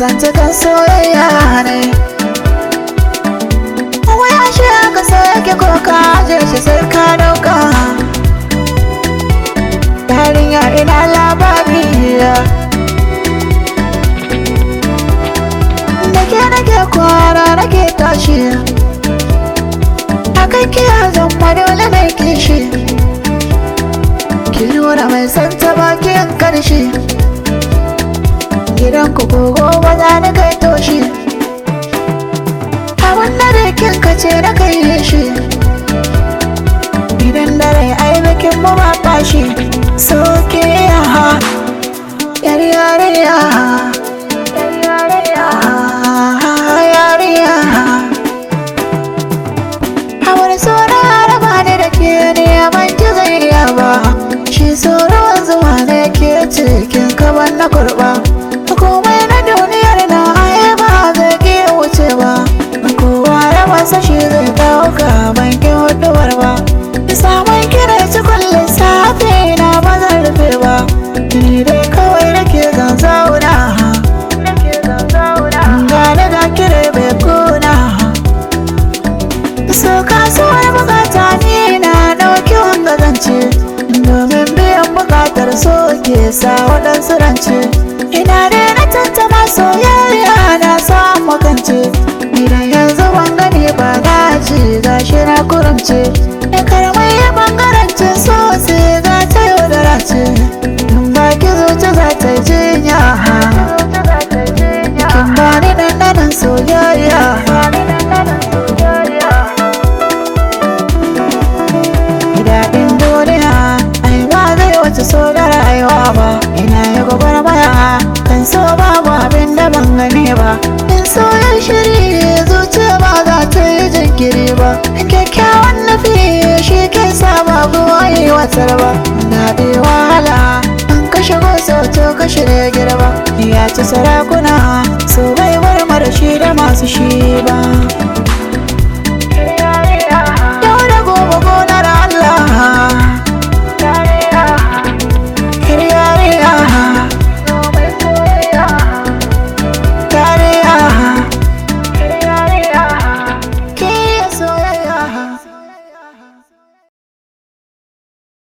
kan soyayya ne ya shi aka sake ko ka je shi sai ka dauka yarinya ina labariya nake nake kwara nake tashi ki kiya zan wani na kishi ki lura mai santa bakin karshe ka ce da ka yi shi idan dare ai bikin mu ba fashi soke ya ha yar yare ya ha Hawar so ke sa waɗansu rance ina ne na tantama soyayya na sa makance idan yanzu ban gani ba na ji gashi na kurumce gane ba in soyar shiri zuciya ba za ta yi jinkiri ba kyakkyawan nufi shi ke sa babu waye watsar ba bi wahala an kashe gosa to kashe da girba ya ci sarakuna so bai warmar shi da masu shi ba